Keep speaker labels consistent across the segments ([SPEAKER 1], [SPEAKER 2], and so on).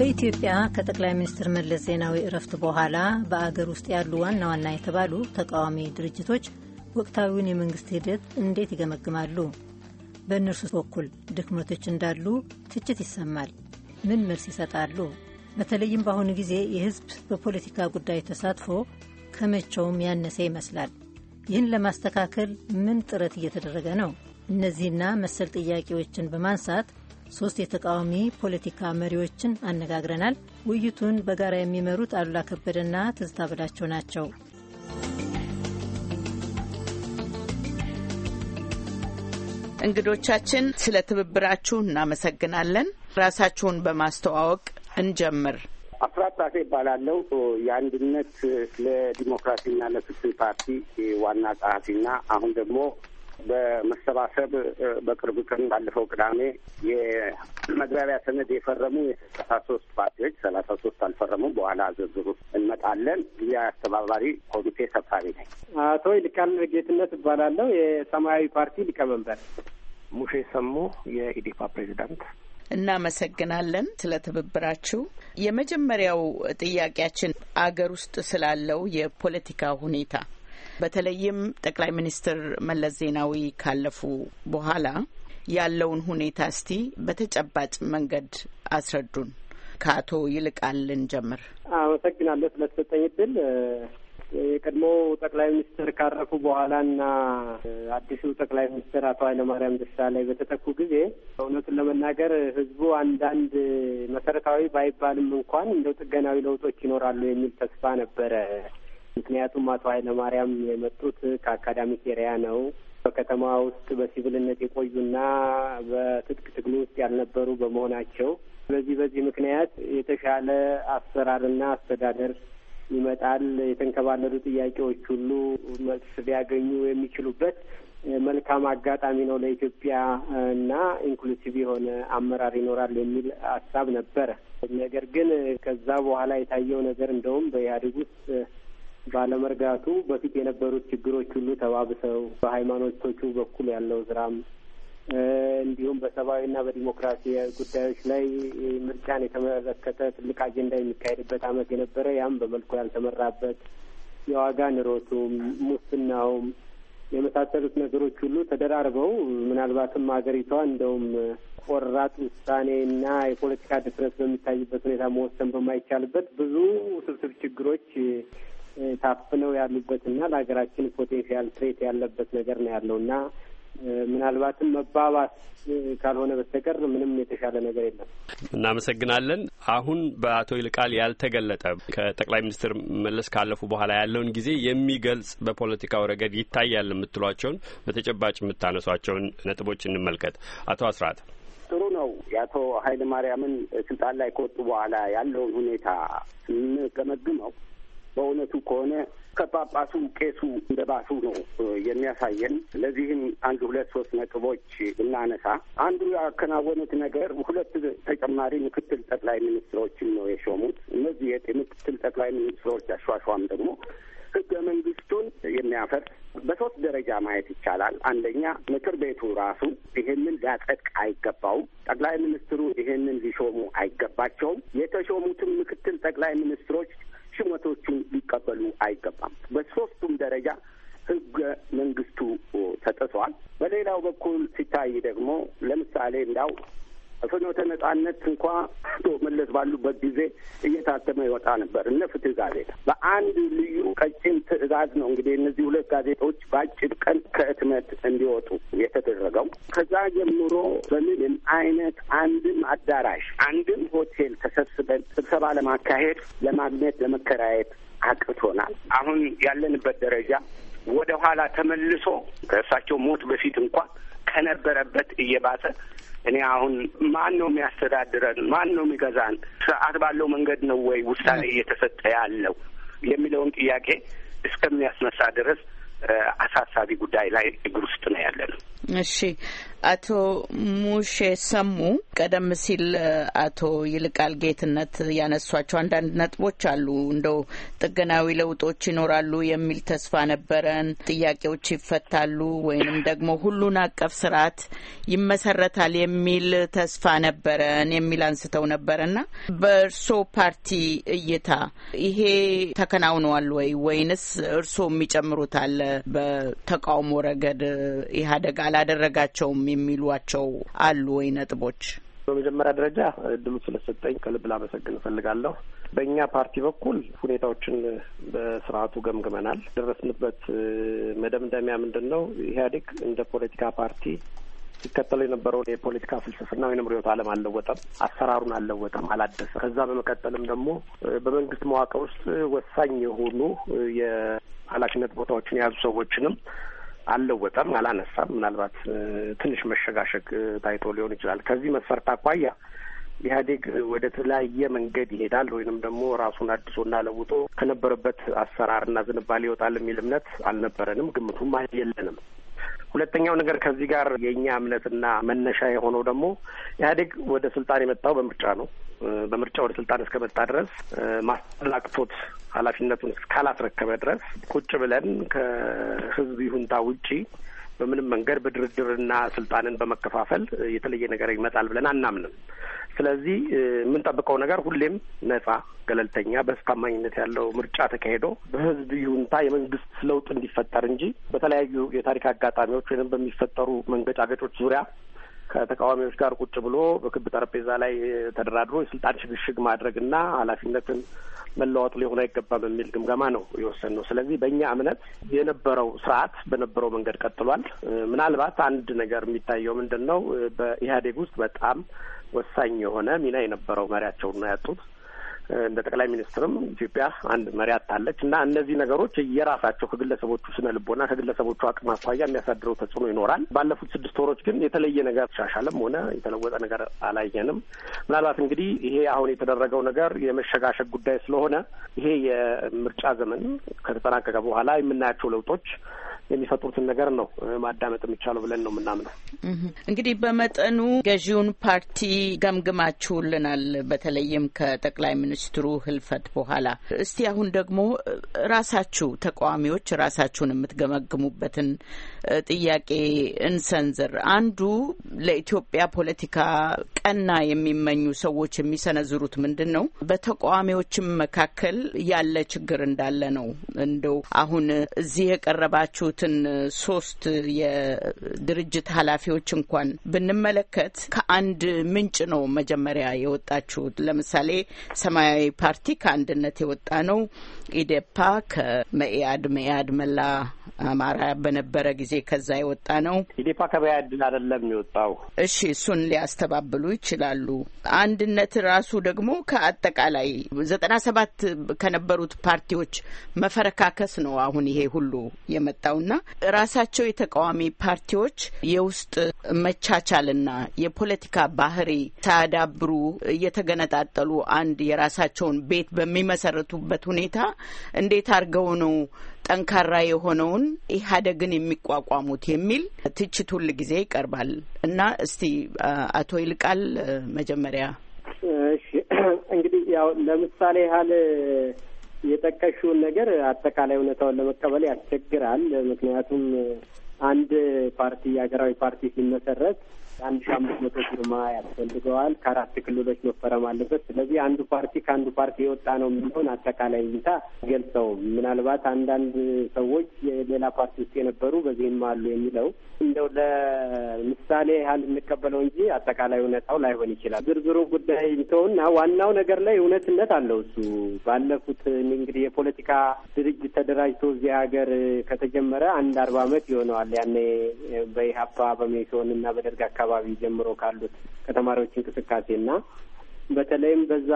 [SPEAKER 1] በኢትዮጵያ ከጠቅላይ ሚኒስትር መለስ ዜናዊ እረፍት በኋላ በአገር ውስጥ ያሉ ዋና ዋና የተባሉ ተቃዋሚ ድርጅቶች ወቅታዊውን የመንግስት ሂደት እንዴት ይገመግማሉ? በእነርሱ በኩል ድክመቶች እንዳሉ ትችት ይሰማል። ምን መልስ ይሰጣሉ? በተለይም በአሁኑ ጊዜ የህዝብ በፖለቲካ ጉዳይ ተሳትፎ ከመቼውም ያነሰ ይመስላል። ይህን ለማስተካከል ምን ጥረት እየተደረገ ነው? እነዚህና መሰል ጥያቄዎችን በማንሳት ሶስት የተቃዋሚ ፖለቲካ መሪዎችን አነጋግረናል። ውይይቱን በጋራ የሚመሩት አሉላ ከበደና ትዝታ በላቸው ናቸው። እንግዶቻችን ስለ ትብብራችሁ እናመሰግናለን። ራሳችሁን በማስተዋወቅ እንጀምር።
[SPEAKER 2] አስራት ጣሴ ይባላለው የአንድነት ለዲሞክራሲና ለፍትህ ፓርቲ ዋና ጸሐፊና አሁን ደግሞ በመሰባሰብ በቅርብ ቀን ባለፈው ቅዳሜ የመግባቢያ ሰነድ የፈረሙ የስልሳ ሶስት ፓርቲዎች ሰላሳ ሶስት አልፈረሙም። በኋላ ዝርዝሩ እንመጣለን። ጊዜያዊ አስተባባሪ
[SPEAKER 1] ኮሚቴ ሰብሳቢ ነኝ።
[SPEAKER 2] አቶ ይልቃል ጌትነት እባላለሁ። የሰማያዊ ፓርቲ ሊቀመንበር። ሙሼ ሰሙ የኢዴፓ ፕሬዚዳንት።
[SPEAKER 1] እናመሰግናለን ስለ ትብብራችሁ። የመጀመሪያው ጥያቄያችን አገር ውስጥ ስላለው የፖለቲካ ሁኔታ በተለይም ጠቅላይ ሚኒስትር መለስ ዜናዊ ካለፉ በኋላ ያለውን ሁኔታ እስቲ በተጨባጭ መንገድ አስረዱን። ከአቶ ይልቃል ልንጀምር።
[SPEAKER 2] አመሰግናለሁ ስለተሰጠኝ እድል። የቀድሞ ጠቅላይ ሚኒስትር ካረፉ በኋላ እና አዲሱ ጠቅላይ ሚኒስትር አቶ ኃይለማርያም ደሳለኝ በተተኩ ጊዜ እውነቱን ለመናገር ሕዝቡ አንዳንድ መሰረታዊ ባይባልም እንኳን እንደው ጥገናዊ ለውጦች ይኖራሉ የሚል ተስፋ ነበረ ምክንያቱም አቶ ኃይለማርያም የመጡት ከአካዳሚክ ኤሪያ ነው። በከተማ ውስጥ በሲቪልነት የቆዩና በትጥቅ ትግሉ ውስጥ ያልነበሩ በመሆናቸው በዚህ በዚህ ምክንያት የተሻለ አሰራርና አስተዳደር ይመጣል። የተንከባለሉ ጥያቄዎች ሁሉ መልስ ሊያገኙ የሚችሉበት መልካም አጋጣሚ ነው ለኢትዮጵያ እና ኢንክሉሲቭ የሆነ አመራር ይኖራል የሚል ሀሳብ ነበረ። ነገር ግን ከዛ በኋላ የታየው ነገር እንደውም በኢህአዴግ ውስጥ ባለመርጋቱ በፊት የነበሩት ችግሮች ሁሉ ተባብሰው በሃይማኖቶቹ በኩል ያለው ስራም እንዲሁም በሰብአዊና በዲሞክራሲ ጉዳዮች ላይ ምርጫን የተመለከተ ትልቅ አጀንዳ የሚካሄድበት አመት የነበረ ያም በመልኩ ያልተመራበት የዋጋ ንሮቱም ሙስናውም የመሳሰሉት ነገሮች ሁሉ ተደራርበው ምናልባትም ሀገሪቷ እንደውም ቆራጥ ውሳኔና የፖለቲካ ድፍረት በሚታይበት ሁኔታ መወሰን በማይቻልበት ብዙ ስብስብ ችግሮች ታፍነው ያሉበትና ለሀገራችን ፖቴንሽያል ትሬት ያለበት ነገር ነው ያለው እና ምናልባትም መባባስ ካልሆነ በስተቀር ምንም የተሻለ ነገር የለም። እናመሰግናለን። አሁን በአቶ ይልቃል ያልተገለጠ ከጠቅላይ ሚኒስትር መለስ ካለፉ በኋላ ያለውን ጊዜ የሚገልጽ በፖለቲካው ረገድ ይታያል የምትሏቸውን በተጨባጭ የምታነሷቸውን ነጥቦች እንመልከት። አቶ አስራት ጥሩ ነው። የአቶ ኃይለማርያምን ስልጣን ላይ ከወጡ በኋላ ያለውን ሁኔታ ስንገመግመው በእውነቱ ከሆነ ከጳጳሱ ቄሱ እንደ ባሱ ነው የሚያሳየን። ለዚህም አንድ ሁለት ሶስት ነጥቦች እናነሳ አንዱ ያከናወኑት ነገር ሁለት ተጨማሪ ምክትል ጠቅላይ ሚኒስትሮችን ነው የሾሙት። እነዚህ የምክትል ጠቅላይ ሚኒስትሮች አሿሿም ደግሞ ህገ መንግስቱን የሚያፈርስ በሶስት ደረጃ ማየት ይቻላል። አንደኛ ምክር ቤቱ ራሱ ይህንን ሊያጸድቅ አይገባውም። ጠቅላይ ሚኒስትሩ ይህንን ሊሾሙ አይገባቸውም። የተሾሙትም ምክትል ጠቅላይ ሚኒስትሮች ሹመቶቹን ሊቀበሉ አይገባም። በሶስቱም ደረጃ ህገ መንግስቱ ተጥሷል። በሌላው በኩል ሲታይ ደግሞ ለምሳሌ እንዳው ፍኖተ ነጻነት እንኳ አቶ መለስ ባሉበት ጊዜ እየታተመ ይወጣ ነበር። እነ ፍትህ ጋዜጣ በአንድ ልዩ ቀጭን ትዕዛዝ ነው እንግዲህ እነዚህ ሁለት ጋዜጦች በአጭር ቀን ከእትመት እንዲወጡ የተደረገው። ከዛ ጀምሮ በምንም አይነት አንድም አዳራሽ አንድም ሆቴል ተሰብስበን ስብሰባ ለማካሄድ ለማግኘት፣ ለመከራየት አቅቶናል። አሁን ያለንበት ደረጃ ወደ ኋላ ተመልሶ ከእሳቸው ሞት በፊት እንኳን ከነበረበት እየባሰ እኔ አሁን ማን ነው የሚያስተዳድረን? ማን ነው የሚገዛን? ስርዓት ባለው መንገድ ነው ወይ ውሳኔ እየተሰጠ ያለው የሚለውን ጥያቄ እስከሚያስነሳ ድረስ አሳሳቢ ጉዳይ ላይ እግር ውስጥ ነው ያለ ነው።
[SPEAKER 1] እሺ አቶ ሙሼ ሰሙ ቀደም ሲል አቶ ይልቃል ጌትነት ያነሷቸው አንዳንድ ነጥቦች አሉ። እንደው ጥገናዊ ለውጦች ይኖራሉ የሚል ተስፋ ነበረን። ጥያቄዎች ይፈታሉ ወይንም ደግሞ ሁሉን አቀፍ ስርዓት ይመሰረታል የሚል ተስፋ ነበረን የሚል አንስተው ነበረና በእርሶ ፓርቲ እይታ ይሄ ተከናውነዋል ወይ ወይንስ እርሶ የሚጨምሩት አለ? በተቃውሞ ረገድ ኢህአዴግ አላደረጋቸውም የሚሏቸው አሉ ወይ ነጥቦች?
[SPEAKER 2] በመጀመሪያ ደረጃ እድሉ ስለሰጠኝ ከልብ ላመሰግን እፈልጋለሁ። በእኛ ፓርቲ በኩል ሁኔታዎችን በስርዓቱ ገምግመናል። ደረስንበት መደምደሚያ ምንድን ነው? ኢህአዴግ እንደ ፖለቲካ ፓርቲ ሲከተለው የነበረውን የፖለቲካ ፍልስፍና ወይም ርዕዮተ ዓለም አልለወጠም፣ አሰራሩን አልለወጠም፣ አላደሰም። ከዛ በመቀጠልም ደግሞ በመንግስት መዋቅር ውስጥ ወሳኝ የሆኑ የኃላፊነት ቦታዎችን የያዙ ሰዎችንም አልለወጠም፣ አላነሳም። ምናልባት ትንሽ መሸጋሸግ ታይቶ ሊሆን ይችላል። ከዚህ መስፈርት አኳያ ኢህአዴግ ወደ ተለያየ መንገድ ይሄዳል ወይንም ደግሞ ራሱን አድሶና ለውጦ ከነበረበት አሰራርና ዝንባሌ ይወጣል የሚል እምነት አልነበረንም፣ ግምቱም የለንም። ሁለተኛው ነገር ከዚህ ጋር የእኛ እምነትና መነሻ የሆነው ደግሞ ኢህአዴግ ወደ ስልጣን የመጣው በምርጫ ነው። በምርጫ ወደ ስልጣን እስከመጣ ድረስ ማስተላቅፎት ኃላፊነቱን እስካላስረከበ ድረስ ቁጭ ብለን ከህዝብ ይሁንታ ውጪ በምንም መንገድ በድርድርና ስልጣንን በመከፋፈል የተለየ ነገር ይመጣል ብለን አናምንም። ስለዚህ የምንጠብቀው ነገር ሁሌም ነጻ፣ ገለልተኛ፣ በስታማኝነት ያለው ምርጫ ተካሄዶ በህዝብ ይሁንታ የመንግስት ለውጥ እንዲፈጠር እንጂ በተለያዩ የታሪክ አጋጣሚዎች ወይም በሚፈጠሩ መንገጫገጮች ዙሪያ ከተቃዋሚዎች ጋር ቁጭ ብሎ በክብ ጠረጴዛ ላይ ተደራድሮ የስልጣን ሽግሽግ ማድረግና ኃላፊነትን መለዋወጥ ሊሆን አይገባም የሚል ግምገማ ነው የወሰን ነው። ስለዚህ በእኛ እምነት የነበረው ስርዓት በነበረው መንገድ ቀጥሏል። ምናልባት አንድ ነገር የሚታየው ምንድን ነው? በኢህአዴግ ውስጥ በጣም ወሳኝ የሆነ ሚና የነበረው መሪያቸውን ነው ያጡት። እንደ ጠቅላይ ሚኒስትርም ኢትዮጵያ አንድ መሪ አጣለች እና እነዚህ ነገሮች የራሳቸው ከግለሰቦቹ ስነ ልቦና ከግለሰቦቹ አቅም አኳያ የሚያሳድረው ተጽዕኖ ይኖራል። ባለፉት ስድስት ወሮች ግን የተለየ ነገር ተሻሻለም ሆነ የተለወጠ ነገር አላየንም። ምናልባት እንግዲህ ይሄ አሁን የተደረገው ነገር የመሸጋሸግ ጉዳይ ስለሆነ ይሄ የምርጫ ዘመን ከተጠናቀቀ በኋላ የምናያቸው ለውጦች የሚፈጥሩትን ነገር ነው ማዳመጥ የሚቻለው ብለን ነው የምናምነው።
[SPEAKER 1] እንግዲህ በመጠኑ ገዢውን ፓርቲ ገምግማችሁልናል፣ በተለይም ከጠቅላይ ሚኒስትሩ ህልፈት በኋላ። እስቲ አሁን ደግሞ ራሳችሁ ተቃዋሚዎች ራሳችሁን የምትገመግሙበትን ጥያቄ እንሰንዝር። አንዱ ለኢትዮጵያ ፖለቲካ ቀና የሚመኙ ሰዎች የሚሰነዝሩት ምንድን ነው? በተቃዋሚዎችም መካከል ያለ ችግር እንዳለ ነው። እንደው አሁን እዚህ የቀረባችሁትን ሶስት የድርጅት ኃላፊዎች እንኳን ብንመለከት ከአንድ ምንጭ ነው መጀመሪያ የወጣችሁት። ለምሳሌ ሰማያዊ ፓርቲ ከአንድነት የወጣ ነው። ኢዴፓ ከመኢአድ፣ መኢአድ መላ አማራ በነበረ ጊዜ ከዛ የወጣ ነው። ኢዴፓ ከበያድን አይደለም የወጣው። እሺ እሱን ሊያስተባብሉ ይችላሉ። አንድነት ራሱ ደግሞ ከአጠቃላይ ዘጠና ሰባት ከነበሩት ፓርቲዎች መፈረካከስ ነው አሁን ይሄ ሁሉ የመጣውና ራሳቸው የተቃዋሚ ፓርቲዎች የውስጥ መቻቻልና የፖለቲካ ባህሪ ሳያዳብሩ እየተገነጣጠሉ አንድ የራሳቸውን ቤት በሚመሰርቱበት ሁኔታ እንዴት አድርገው ነው ጠንካራ የሆነውን ኢህአዴግን የሚቋቋሙት የሚል ትችት ሁል ጊዜ ይቀርባል እና እስቲ አቶ ይልቃል መጀመሪያ።
[SPEAKER 2] እሺ እንግዲህ ያው ለምሳሌ ያህል የጠቀሽውን ነገር አጠቃላይ እውነታውን ለመቀበል ያስቸግራል። ምክንያቱም አንድ ፓርቲ የሀገራዊ ፓርቲ ሲመሰረት አንድ ሺ አምስት መቶ ፊርማ ያስፈልገዋል። ከአራት ክልሎች መፈረም አለበት። ስለዚህ አንዱ ፓርቲ ከአንዱ ፓርቲ የወጣ ነው የሚሆን አጠቃላይ እይታ ገልጸውም ምናልባት አንዳንድ ሰዎች ሌላ ፓርቲ ውስጥ የነበሩ በዚህም አሉ የሚለው እንደው ለምሳሌ ያህል እንቀበለው እንጂ አጠቃላይ እውነታው ላይሆን ይችላል። ዝርዝሩ ጉዳይ ተውና ዋናው ነገር ላይ እውነትነት አለው። እሱ ባለፉት እንግዲህ የፖለቲካ ድርጅት ተደራጅቶ እዚህ ሀገር ከተጀመረ አንድ አርባ ዓመት ይሆነዋል። ያኔ በኢህአፓ በሜሶን እና በደርግ አካባቢ አካባቢ ጀምሮ ካሉት ከተማሪዎች እንቅስቃሴና በተለይም በዛ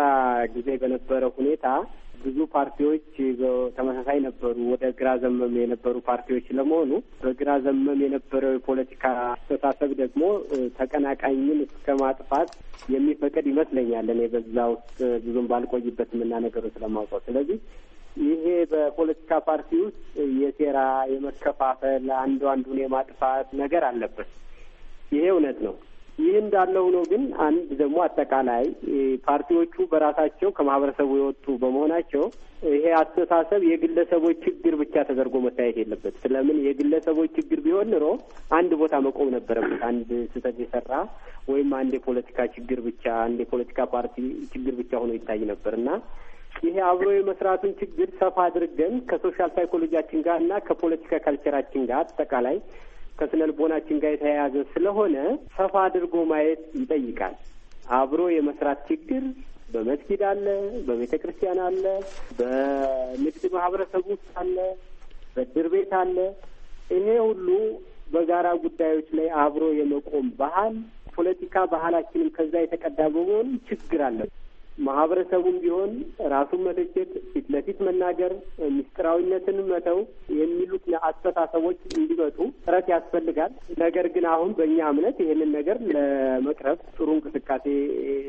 [SPEAKER 2] ጊዜ በነበረ ሁኔታ ብዙ ፓርቲዎች ተመሳሳይ ነበሩ። ወደ ግራ ዘመም የነበሩ ፓርቲዎች ስለመሆኑ በግራ ዘመም የነበረው የፖለቲካ አስተሳሰብ ደግሞ ተቀናቃኝን እስከ ማጥፋት የሚፈቅድ ይመስለኛል። እኔ በዛ ውስጥ ብዙም ባልቆይበት እና ነገሩ ስለማውቀው ስለዚህ ይሄ በፖለቲካ ፓርቲ ውስጥ የሴራ የመከፋፈል፣ አንዱ አንዱን የማጥፋት ነገር አለበት። ይሄ እውነት ነው። ይህ እንዳለ ሆኖ ግን አንድ ደግሞ አጠቃላይ ፓርቲዎቹ በራሳቸው ከማህበረሰቡ የወጡ በመሆናቸው ይሄ አስተሳሰብ የግለሰቦች ችግር ብቻ ተደርጎ መታየት የለበት። ስለምን የግለሰቦች ችግር ቢሆን ኑሮ አንድ ቦታ መቆም ነበረበት። አንድ ስህተት የሰራ ወይም አንድ የፖለቲካ ችግር ብቻ አንድ የፖለቲካ ፓርቲ ችግር ብቻ ሆኖ ይታይ ነበር እና ይሄ አብሮ የመስራቱን ችግር ሰፋ አድርገን ከሶሻል ሳይኮሎጂያችን ጋር እና ከፖለቲካ ካልቸራችን ጋር አጠቃላይ ከስነ ልቦናችን ጋር የተያያዘ ስለሆነ ሰፋ አድርጎ ማየት ይጠይቃል። አብሮ የመስራት ችግር በመስጊድ አለ፣ በቤተ ክርስቲያን አለ፣ በንግድ ማህበረሰብ ውስጥ አለ፣ በእድር ቤት አለ። ይሄ ሁሉ በጋራ ጉዳዮች ላይ አብሮ የመቆም ባህል ፖለቲካ ባህላችንም ከዛ የተቀዳ በመሆኑ ችግር አለ። ማህበረሰቡም ቢሆን ራሱን መተቸት፣ ፊት ለፊት መናገር፣ ሚስጥራዊነትን መተው የሚሉት አስተሳሰቦች እንዲመጡ ጥረት ያስፈልጋል። ነገር ግን አሁን በእኛ እምነት ይህንን ነገር ለመቅረብ ጥሩ እንቅስቃሴ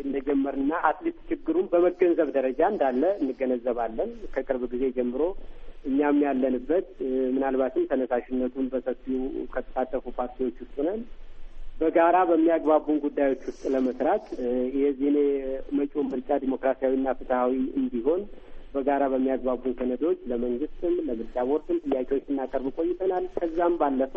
[SPEAKER 2] እንደጀመርና አትሌት ችግሩን በመገንዘብ ደረጃ እንዳለ እንገነዘባለን። ከቅርብ ጊዜ ጀምሮ እኛም ያለንበት ምናልባትም ተነሳሽነቱን በሰፊው ከተሳተፉ ፓርቲዎች ውስጥ ነን። በጋራ በሚያግባቡን ጉዳዮች ውስጥ ለመስራት የዚህኔ መጪውን ምርጫ ዲሞክራሲያዊና ፍትሀዊ እንዲሆን በጋራ በሚያግባቡን ሰነዶች ለመንግስትም ለምርጫ ቦርድም ጥያቄዎች ስናቀርብ ቆይተናል። ከዛም ባለፈ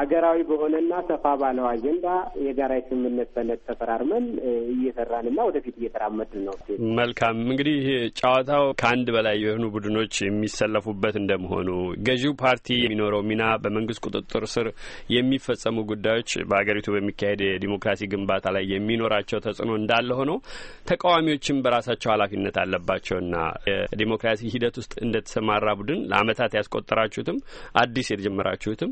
[SPEAKER 2] አገራዊ በሆነና ሰፋ ባለው አጀንዳ የጋራ የስምምነት ሰነድ ተፈራርመን እየሰራንና ወደፊት እየተራመድን ነው። መልካም እንግዲህ ጨዋታው ከአንድ በላይ የሆኑ ቡድኖች የሚሰለፉበት እንደመሆኑ ገዢው ፓርቲ የሚኖረው ሚና በመንግስት ቁጥጥር ስር የሚፈጸሙ ጉዳዮች በሀገሪቱ በሚካሄድ የዲሞክራሲ ግንባታ ላይ የሚኖራቸው ተጽዕኖ እንዳለ ሆነው ተቃዋሚዎችም በራሳቸው ኃላፊነት አለባቸውና የዲሞክራሲ ሂደት ውስጥ እንደተሰማራ ቡድን ለአመታት ያስቆጠራችሁትም አዲስ የተጀመራችሁትም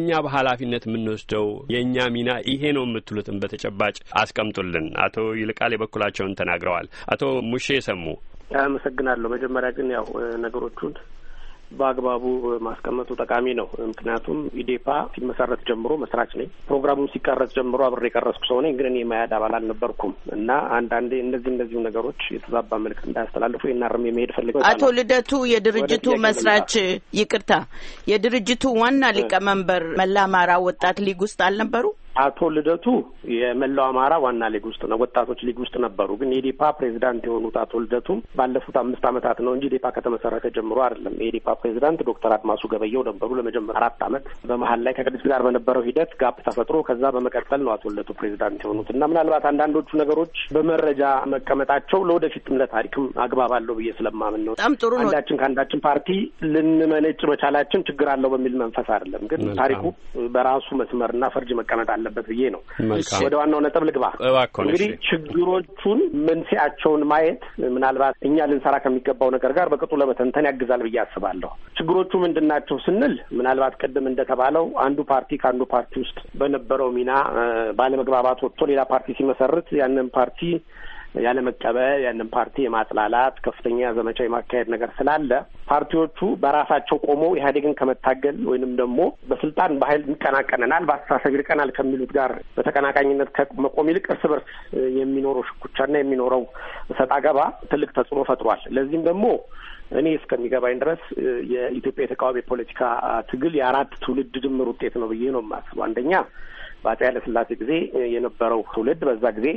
[SPEAKER 2] እኛ ኃላፊነት የምንወስደው የእኛ ሚና ይሄ ነው የምትሉትን በተጨባጭ አስቀምጡልን። አቶ ይልቃል የበኩላቸውን ተናግረዋል። አቶ ሙሼ ሰሙ አመሰግናለሁ። መጀመሪያ ግን ያው ነገሮቹን በአግባቡ ማስቀመጡ ጠቃሚ ነው። ምክንያቱም ኢዴፓ ሲመሰረት ጀምሮ መስራች ነኝ። ፕሮግራሙም ሲቀረጽ ጀምሮ አብሬ የቀረጽኩ ሰው ነኝ። ግን እኔ ማያድ አባል አልነበርኩም እና አንዳንዴ እነዚህ እነዚሁ ነገሮች የተዛባ መልክት እንዳያስተላልፉ ይናርም የመሄድ ፈልግ አቶ
[SPEAKER 1] ልደቱ የድርጅቱ መስራች ይቅርታ፣ የድርጅቱ ዋና ሊቀመንበር መላማራ ወጣት ሊግ ውስጥ አልነበሩ?
[SPEAKER 2] አቶ ልደቱ የመላው አማራ ዋና ሊግ ውስጥ ነው፣ ወጣቶች ሊግ ውስጥ ነበሩ። ግን የኢዴፓ ፕሬዚዳንት የሆኑት አቶ ልደቱም ባለፉት አምስት ዓመታት ነው እንጂ ኢዴፓ ከተመሰረተ ጀምሮ አይደለም። የኢዴፓ ፕሬዚዳንት ዶክተር አድማሱ ገበየው ነበሩ ለመጀመሪያ አራት ዓመት። በመሀል ላይ ከቅድስ ጋር በነበረው ሂደት ጋፕ ተፈጥሮ ከዛ በመቀጠል ነው አቶ ልደቱ ፕሬዚዳንት የሆኑት እና ምናልባት አንዳንዶቹ ነገሮች በመረጃ መቀመጣቸው ለወደፊትም ለታሪክም አግባብ አለው ብዬ ስለማምን ነው። በጣም ጥሩ ነው። አንዳችን ከአንዳችን ፓርቲ ልንመነጭ መቻላችን ችግር አለው በሚል መንፈስ አይደለም። ግን ታሪኩ በራሱ መስመርና ፈርጅ መቀመጥ አለ አለበት ብዬ ነው። ወደ ዋናው ነጥብ ልግባ። እንግዲህ ችግሮቹን መንስኤያቸውን ማየት ምናልባት እኛ ልንሰራ ከሚገባው ነገር ጋር በቅጡ ለመተንተን ያግዛል ብዬ አስባለሁ። ችግሮቹ ምንድን ናቸው ስንል ምናልባት ቅድም እንደተባለው አንዱ ፓርቲ ከአንዱ ፓርቲ ውስጥ በነበረው ሚና ባለመግባባት ወጥቶ ሌላ ፓርቲ ሲመሰርት ያንን ፓርቲ ያለመቀበል ያንን ፓርቲ የማጥላላት ከፍተኛ ዘመቻ የማካሄድ ነገር ስላለ ፓርቲዎቹ በራሳቸው ቆመው ኢህአዴግን ከመታገል ወይንም ደግሞ በስልጣን በኃይል እንቀናቀነናል በአስተሳሰብ ይርቀናል ከሚሉት ጋር በተቀናቃኝነት ከመቆም ይልቅ እርስ በርስ የሚኖረው ሽኩቻና የሚኖረው እሰጥ አገባ ትልቅ ተጽዕኖ ፈጥሯል። ለዚህም ደግሞ እኔ እስከሚገባኝ ድረስ የኢትዮጵያ የተቃዋሚ የፖለቲካ ትግል የአራት ትውልድ ድምር ውጤት ነው ብዬ ነው የማስበው። አንደኛ በአፄ ኃይለሥላሴ ጊዜ የነበረው ትውልድ በዛ ጊዜ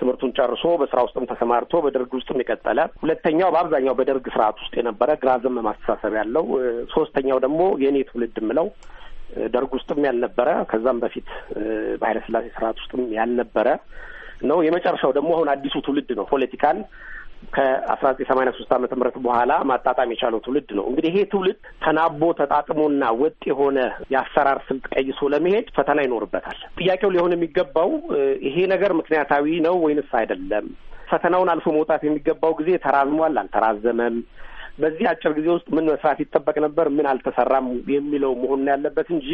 [SPEAKER 2] ትምህርቱን ጨርሶ በስራ ውስጥም ተሰማርቶ በደርግ ውስጥም የቀጠለ፣ ሁለተኛው በአብዛኛው በደርግ ስርዓት ውስጥ የነበረ ግራ ዘመም አስተሳሰብ ያለው፣ ሶስተኛው ደግሞ የእኔ ትውልድ የምለው ደርግ ውስጥም ያልነበረ ከዛም በፊት በኃይለስላሴ ስርዓት ውስጥም ያልነበረ ነው። የመጨረሻው ደግሞ አሁን አዲሱ ትውልድ ነው ፖለቲካን ከአስራ ዘጠኝ ሰማኒያ ሶስት አመተ ምህረት በኋላ ማጣጣም የቻለው ትውልድ ነው። እንግዲህ ይሄ ትውልድ ተናቦ ተጣጥሞና ወጥ የሆነ የአሰራር ስልት ቀይሶ ለመሄድ ፈተና ይኖርበታል። ጥያቄው ሊሆን የሚገባው ይሄ ነገር ምክንያታዊ ነው ወይንስ አይደለም? ፈተናውን አልፎ መውጣት የሚገባው ጊዜ ተራዝሟል አልተራዘመም? በዚህ አጭር ጊዜ ውስጥ ምን መስራት ይጠበቅ ነበር፣ ምን አልተሰራም የሚለው መሆኑን ያለበት እንጂ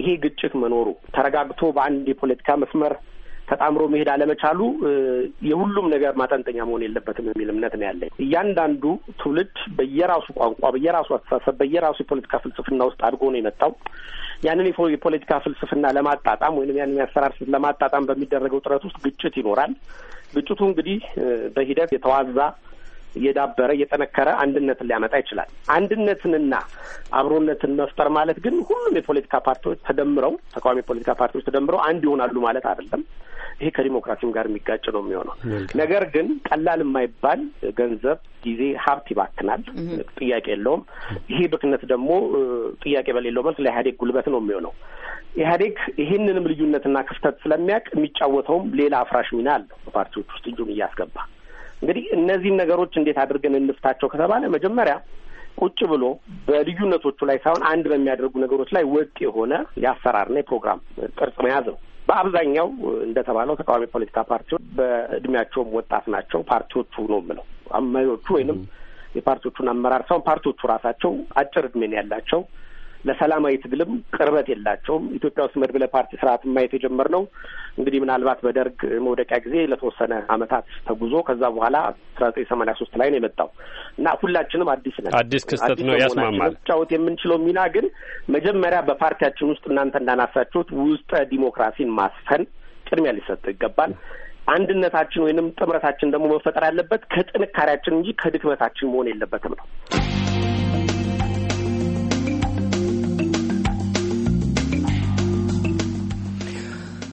[SPEAKER 2] ይሄ ግጭት መኖሩ ተረጋግቶ በአንድ የፖለቲካ መስመር ተጣምሮ መሄድ አለመቻሉ የሁሉም ነገር ማጠንጠኛ መሆን የለበትም የሚል እምነት ነው ያለኝ። እያንዳንዱ ትውልድ በየራሱ ቋንቋ፣ በየራሱ አስተሳሰብ፣ በየራሱ የፖለቲካ ፍልስፍና ውስጥ አድጎ ነው የመጣው። ያንን የፖለቲካ ፍልስፍና ለማጣጣም ወይም ያንን የአሰራር ስልት ለማጣጣም በሚደረገው ጥረት ውስጥ ግጭት ይኖራል። ግጭቱ እንግዲህ በሂደት የተዋዛ የዳበረ የጠነከረ አንድነትን ሊያመጣ ይችላል። አንድነትንና አብሮነትን መፍጠር ማለት ግን ሁሉም የፖለቲካ ፓርቲዎች ተደምረው ተቃዋሚ የፖለቲካ ፓርቲዎች ተደምረው አንድ ይሆናሉ ማለት አይደለም። ይሄ ከዲሞክራሲም ጋር የሚጋጭ ነው የሚሆነው። ነገር ግን ቀላል የማይባል ገንዘብ፣ ጊዜ፣ ሀብት ይባክናል፣ ጥያቄ የለውም። ይሄ ብክነት ደግሞ ጥያቄ በሌለው መልክ ለኢህአዴግ ጉልበት ነው የሚሆነው። ኢህአዴግ ይህንንም ልዩነትና ክፍተት ስለሚያውቅ የሚጫወተውም ሌላ አፍራሽ ሚና አለው በፓርቲዎች ውስጥ እጁን እያስገባ እንግዲህ እነዚህን ነገሮች እንዴት አድርገን እንፍታቸው ከተባለ መጀመሪያ ቁጭ ብሎ በልዩነቶቹ ላይ ሳይሆን አንድ በሚያደርጉ ነገሮች ላይ ወጥ የሆነ የአሰራርና የፕሮግራም ቅርጽ መያዝ ነው። በአብዛኛው እንደተባለው ተቃዋሚ ፖለቲካ ፓርቲዎች በእድሜያቸውም ወጣት ናቸው። ፓርቲዎቹ ነው የምለው መሪዎቹ ወይንም የፓርቲዎቹን አመራር ሳይሆን ፓርቲዎቹ ራሳቸው አጭር እድሜን ያላቸው ለሰላማዊ ትግልም ቅርበት የላቸውም። ኢትዮጵያ ውስጥ መድብለ ፓርቲ ስርዓት ማየት የጀመርነው እንግዲህ ምናልባት በደርግ መውደቂያ ጊዜ ለተወሰነ አመታት ተጉዞ ከዛ በኋላ አስራ ዘጠኝ ሰማኒያ ሶስት ላይ ነው የመጣው እና ሁላችንም አዲስ ነን። አዲስ ክስተት ነው ያስማማል። ጫወት የምንችለው ሚና ግን መጀመሪያ በፓርቲያችን ውስጥ እናንተ እንዳናሳችሁት ውስጠ ዲሞክራሲን ማስፈን ቅድሚያ ሊሰጥ ይገባል። አንድነታችን ወይንም ጥምረታችን ደግሞ መፈጠር ያለበት ከጥንካሬያችን እንጂ ከድክመታችን መሆን የለበትም ነው።